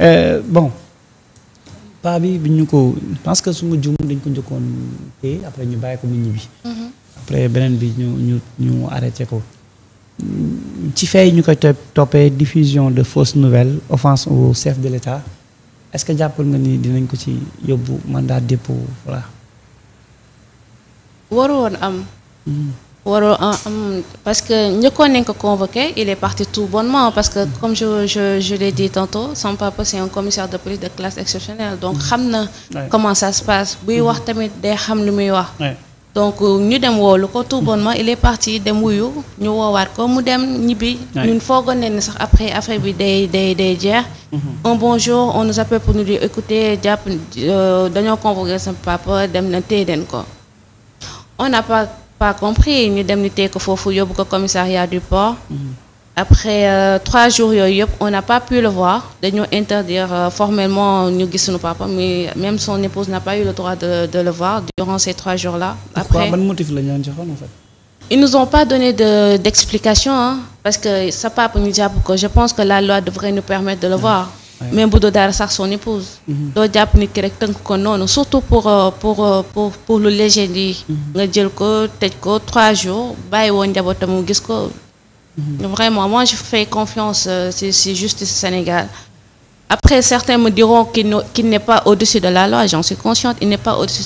Euh, bon paa bi bi ñu ko parce que su ma juum dañ ko njëkkoon téye après ñu bàyyi ko mu ñibbi. Mhm. après beneen bi ñu ñu ñu arrêté ko. ci fay ñu koy toppee diffusion de fausses nouvelle offense au chef de l'État est-ce que jàppal nga ni dinañ ko ci yóbbu mandat dépôt voilà. am. Hmm. waroo euh, parce que njëkkoon nañ ko convoqué il est parti tout bonnement parce que comme je je di l'ai dit tantôt son papa c'est un commissaire de police de classe exceptionnelle donc mm. xam na comment sa se buy mm. wax tamit day xam lu muy wax donc ñu dem woolu ko tout bonnement il est parti dem wuyu ñu woowaat ko mu dem ñibbi ñun foogoon nañ ne sax après affaire bi day day day jeex mm-hmm. un bonjour on nous appelle pour nous dire écoutez jàpp euh, dañoo convoqué sa papa dem na téye den ko pas compris ñu dem ni tee ko foofu yóbbu ko commissariat du port après euh, trois jours yëpp on n'a pas pu le voir dañoo interdire euh, formellement ñu gis suñu papa mais même son épouse n'a pas eu le droit de de le voir durant ces trois jours là. après ils nous ont pas donné de parce que sa papa ñu jàpp ko je pense que la loi devrait nous permettre de le mm. voir. même bu doo dara sax soon épouse mm-hmm. doo jàpp nit ki rek tënk ko noonu surtout pour euh, euh, pour pour pour lu léger di mm-hmm. nga jël ko tëj ko trois jours bàyyi woon njaboot mu gis ko mm-hmm. vraiment moi je fais confiance euh, si si justice Sénégal après certains me diront qu'il n'est pas au-dessus de la loi j'en suis consciente il n'est pas au-dessus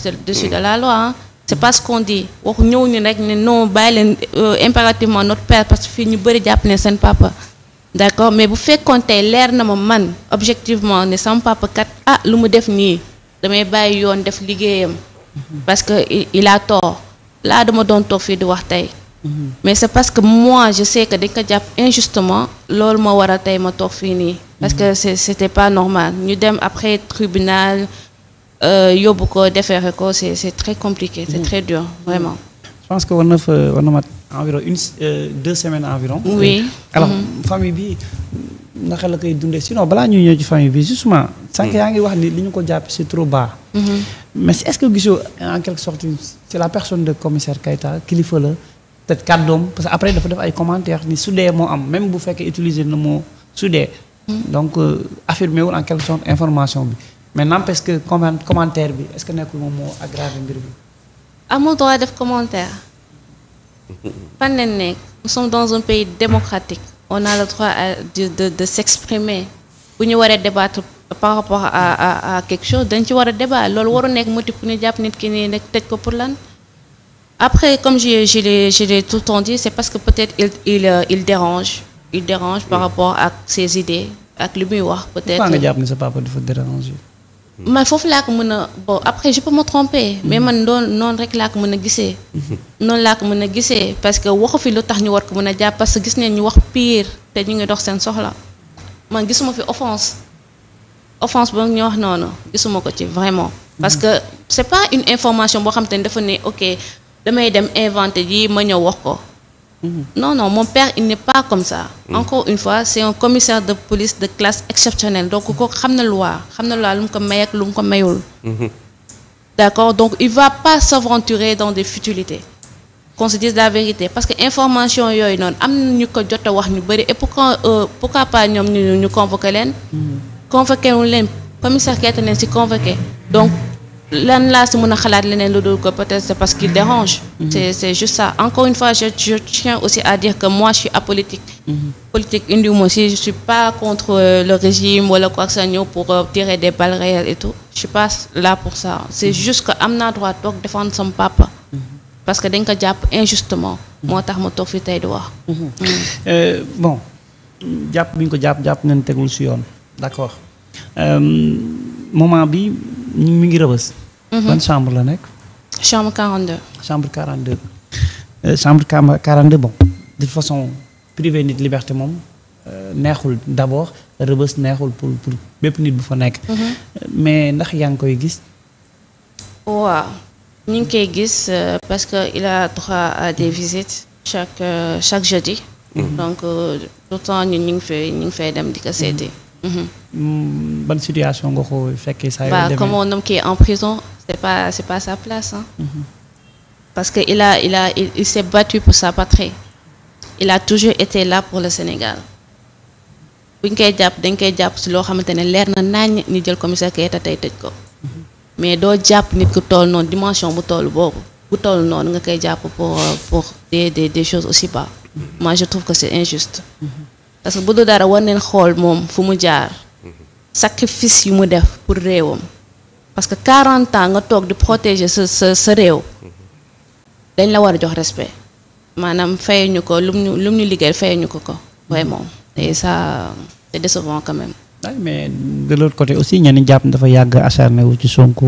de la loi c'est pas qu'on dit waxu ñëw ñu rek ne non bàyyi leen impérativement notre père parce que fii ñu bëri jàpp ne seen papa d'accord mais bu fekkoon tey leer na ma man objectivement ne sama papa ah lu mu def nii damay bàyyi yoon def liggéeyam. parce que il a tort laa dama doon toog fii di wax tey. mais c'est parce que moi je sais que dañ ko jàpp injustement loolu ma war a tey ma toog fii nii. parce que c'est c'était pas normal ñu dem après tribunal euh, yóbbu ko defeere ko c'est c'est très compliqué. c'est très dur vraiment. je pense que war na fa war na mat environ une euh, deux semaines environ. oui alors mhm. famille bi naka la koy dundee sinon balaa ñuy ñëw ci famille bi justement sànq mhm. yaa ngi wax ni li ñu ko jàpp c'est trop bas. Mhm. mais est-ce que gisoo en quelque sorte c'est la personne de commissaire Keita kilifa la peut-être kàddoom parce que après dafa def ay commentaires ni su dee moo am même bu fekkee utiliser na moo su dee. donc euh, affirmé wul en quelque sorte information bi mais n'empêche que comment commentaire bi est-ce que nekkul moom bi. fan lañ nekk nous sommes dans un pays démocratique on a le droit de de, de s'exprimer bu ñu waree débattre par rapport à quelque chose dañ ci war a débat loolu waru nekk motif pour ñu jàpp nit ki nii nekk tëj ko pour lan après comme je je l'ai je l'ai tout le temps c'est parce que peut-être il il euh, il dérange il dérange par rapport ak ses idées ak li muy wax peut-être. nga jàpp ni sa papa dafa déranger. man foofu laa ko mën a bon après je peux me tromper. mais man doon noonu rek laa ko mën a gisee. noonu laa ko mën a gisee parce que waxu fi lu tax ñu war ko mën a jàpp parce que gis neen ñu wax pire te ñu ngi dox seen soxla man gisuma fi offense offense ba ñu wax noonu gisuma ko ci vraiment. parce que c'est pas une information boo xam te ne dafa ne ok damay dem inventé ji ma ñëw wax ko. Mm-hmm. non non mon père il n'est pas comme ça mm. encore une fois c'est un commissaire de police de classe exceptionnelle donc kooku xam na loi xam na loi lu mu ko may ak lu mu ko mayul mm-hmm. d'accord donc il va pas s'aventurer dans des futilités qu'on se dise la vérité parce que information yooyu noonu am na ñu ko jot wax ñu bëri et pourquoi euh, pourquoi pas ñoom ñu ñu convoqué leen mm-hmm. convoqué wuñ leen commissaire keeta leen si convoqué lan laa si mën a xalaat leneen lu dul ko peut-être c'est parce qu'il mm-hmm. dérange mm-hmm. c'est c'est juste ça encore une fois je aussi à dire que moi suis apolitique mm-hmm. politique indiwuma si je suis pas contre euh, le régime wala quoi que ça ñëw pour euh, tirer des balles réelles et tout je suis pas là pour ça c'est juste que am naa droit toog défendre sama papa parce que dañ ko jàpp injustement moo tax ma toog fi tey di wax euh, bon jàpp bi ñu ko jàpp jàpp nañ tegul si yoon d'accord bi mi ngi Mhm. ban chambre la nekk. chambre 42. chambre 42. Euh, chambre 42 bon de façon privé nit liberté moom euh, neexul d'abord rëbës neexul pour pour bépp nit bu fa nekk. Mhm. mais ndax yaa ngi koy gis. waaw ñu ngi koy gis euh, parce que il a droit à des visites chaque chaque jeudi. Mhm. donc tout temps ñun ñu ngi fay ñu ngi fay dem di ko seeti. Mm, ban situation nga ko fekkee saa yoo demee comme un homme qui en prison. c'est pas c'est pas sa place hein. mm -hmm. parce que il a il a il, il battu pour sa patrie il a toujours été là pour le Sénégal bu koy jàpp dañ koy jàpp si loo xamante ne leer na naañ ni jël commissaire Keita tey tëj ko mm-hmm. mais doo jàpp nit ku toll noonu dimension bu toll boobu bu toll noonu nga koy jàpp pour des des des choses aussi bas mm-hmm. moi je trouve que c'est injuste mm-hmm. parce que bu du dara war neen xool moom fu mu jaar sacrifice yu mu def pour réewam parce que 40 ans nga toog di protéger sa sa sa réew dañ la war a jox respect maanaam fay ñu ko lum ñu lum ñu liggéey fay ñu ko ko vraiment moom ça c'est décevant quand même. waaw mais de loolu côté aussi ñenn jàpp dafa yàgg acharné wu ci Sonko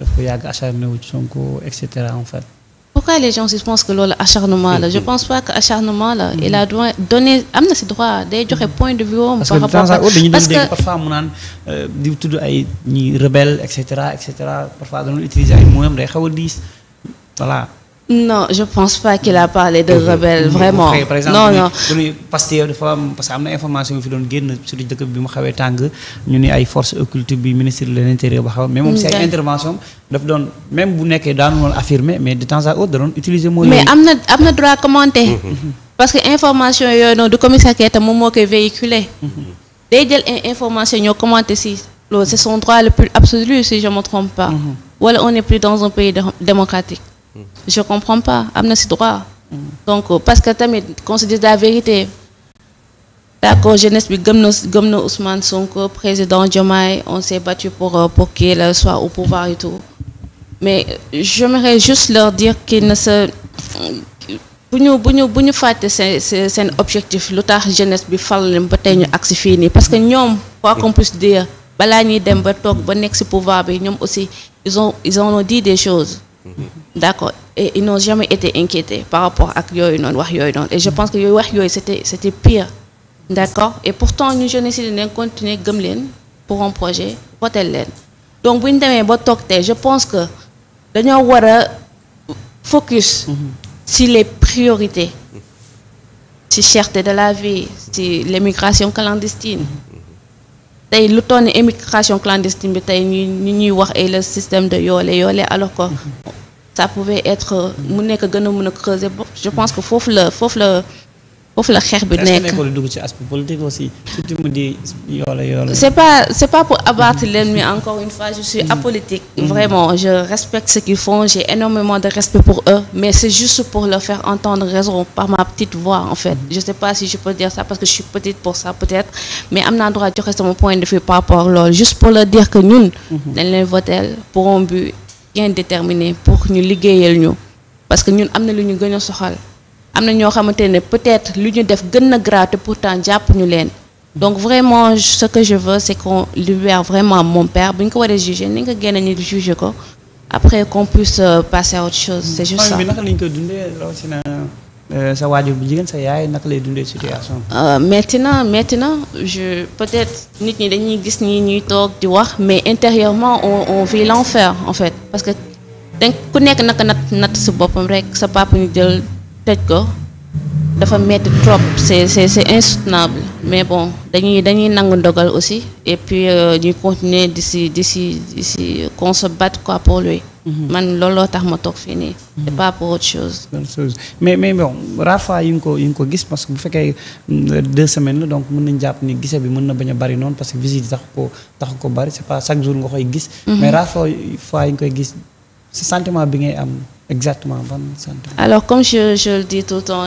dafa yàgg acharné wu ci Sonko et cetera en fait. pourquoi les gens ils pensent que loolu acharnement la je mhm. pense pas que acharnement la il a mhm. donné am na si droit day joxe mhm. point de vue am. par rapport parce que parce que parfois mu naan euh, di tudd ay ñi rebelle et cetera et cetera parfois dañu utiliser ay moyens day xaw a diis voilà. non je pense pas qu'il a parlé de rebelle vraiment non non bu am na information yu fi doon génn sur dëkk bi mu xawee tàng ñu ni ay forces occultes bi ministre de l'intérieur ba xaw mais moom si ay intervention daf doon même bu nekkee daanu woon mais de temps à autre da doon utiliser mooy mais am na droit commenter mhm. Mhm. parce que information yooyu noonu du commissaire Keita moom moo koy véhiculer mhm. day jël information ñoo commenter Mm. je comprends pas am na si droit mm. donc euh, parce que tamit qu'on se dise la vérité d'accord jeunesse bi gëm na gëm na Ousmane Sonko président Diomaye on s'est battu pour euh, pour qu'il soit au pouvoir et tout mais euh, j'aimerais juste leur dire qu'ils ne se bu ñu bu ñu fàtte seen seen objectif lu tax jeunesse bi fal leen ba tey ñu agsi fii nii parce que ñoom quoi qu'on dire balaa ñuy dem ba toog ba nekk ci pouvoir bi ñoom aussi ils ont dit des choses Mhm. d' accord et ils n'ont jamais été inquiétés par rapport ak yooyu noonu wax yooyu noonu et je pense que yooyu wax yooyu c'était c' était pire d' accord et pourtant ñu jeunesse yi dinañ continuer gëm leen pour un projet votel leen donc bu ñu demee ba toog tey je pense que dañoo war a focus mhm. si les priorités ci cherté de la vie ci les immigration clandestine mhm. tey lu toll ni immigration clandestine bi tey ñu ñu ñuy wax ay la système de yoole yoole alors ko mm-hmm. ça pouvait être mu nekk gën a mën a creuser je pense que foofu la foofu la foofu la xeex bi nekk dugg ci aspect politique aussi c'est pas c'est pas pour abattre l'ennemi encore une fois je suis mm-hmm. apolitique mm-hmm. vraiment je respecte ce qu'ils font j'ai énormément de respect pour eux mais c'est juste pour leur faire entendre raison par ma petite voix en fait mm-hmm. je sais pas si je peux dire ça parce que je suis petite pour ça peut-être mais am naa droit joxe sama point de vue par rapport ak juste pour leur dire que ñun dañ leen votel pour un déterminé pour ñu liggéeyal ñu parce que ñun am na lu ñu gën a am na ñoo xamante ne peut-être lu ñu def gën na grave te pourtant jàpp ñu leen donc vraiment ce que je veux c'est qu'on libère vraiment mon père bu ñu ko waree juger ni nga génne ñu juger ko après qu'on puisse euh, passer à autre chose c'est juste ko dundee euh, sa waajur bu jigéen sa yaay naka lay dundee situation euh, metti na metti na je peut-être nit ñi dañuy gis ñi ñuy toog di wax mais intérieurement on on vit l'enfer en fait parce que dañ ku nekk naka nat nat sa boppam rek sa papa ñu jël. tëj ko dafa metti trop c'est c'est mais bon dañuy dañuy nangu ndogal aussi et puis euh, ñuy continuer di si di si di si qu'on se batte quoi pour lui mhm. man looloo tax ma toog fii nii mhm. c'est pas pour autre chose mais mais bon rare fois yi nga ko ko gis parce que bu fekkee mm, deux semaines la donc mën nañ jàpp ni gise bi mën na bañ a bari noonu parce que visite yi tax ko tax ko bari c'est pas chaque jour nga koy gis mhm. mais rare fois yi nga koy gis si sentiment bi ngay am exactement ban centre. alors comme je je le dis tout le temps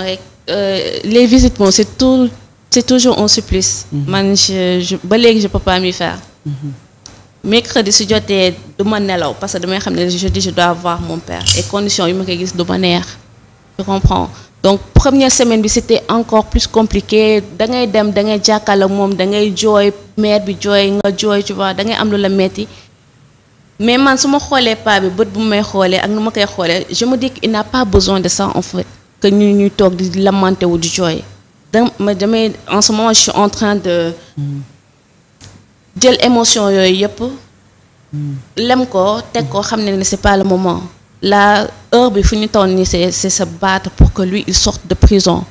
euh, les visites moom c'est tout c'est toujours un supplice. Mhm. man je je ba léegi je peux pas m'y faire. Mhm. mercredi su jotee du ma nelaw parce que damay xam ne jeudi je dois voir mon père et conditions yu ma koy gis du ma neex je comprends donc première semaine bi c'était encore plus compliqué da ngay dem da ngay jàkkaarloo moom da ngay jooy mère bi jooy nga jooy tu vois da ngay am lu la metti mais man su ma xoolee paa bi bët bu may xoolee ak nu ma koy xoolee je me dis qu'il n'a pas besoin de ça en fait que ñu ñuy toog di lamenté wu di jooy dama damay en ce moment je suis en train de jël émotion yooyu yëpp lem ko teg ko xam ne ne c'est pas le moment la heure bi fu ñu toll nii c'est c'est se battre pour que lui il sorte de prison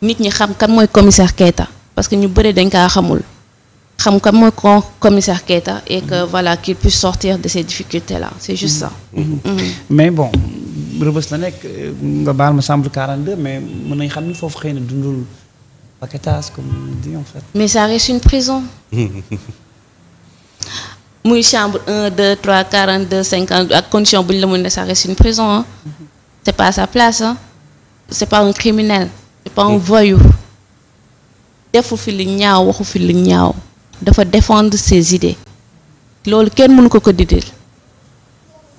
nit ñi xam kan mooy commissaire kayta parce que ñu bëri dañ kaa xamul xam kan mooy grand commissaire Keita et que voilà qu'il puisse sortir de ces difficultés là c'est juste ça. Mm-hmm. Mm-hmm. Mm-hmm. mais bon rëbës la nekk nga baal ma semble 42 mais mën nañ xam ni foofu xëy na dundul paquetage comme on dit en fait. mais ça reste une prison. muy chambre 1 2 3 42 50 ak condition bu ñu la mun ne ça reste une prison ah. c'est pas à sa place ah. c'est pas un criminel. c'est pas un voyou. defu fi lu ñaaw waxu fi lu ñaaw. dafa défendre ses idées loolu kenn mënu ko ko didil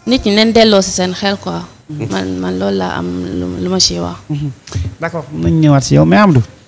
nit ñi neen delloo si seen xel quoi. Mhm. man man loolu laa am lu ma ci wax. Mhm. d'accord mën nañu ñëwaat si yow mais Amadou.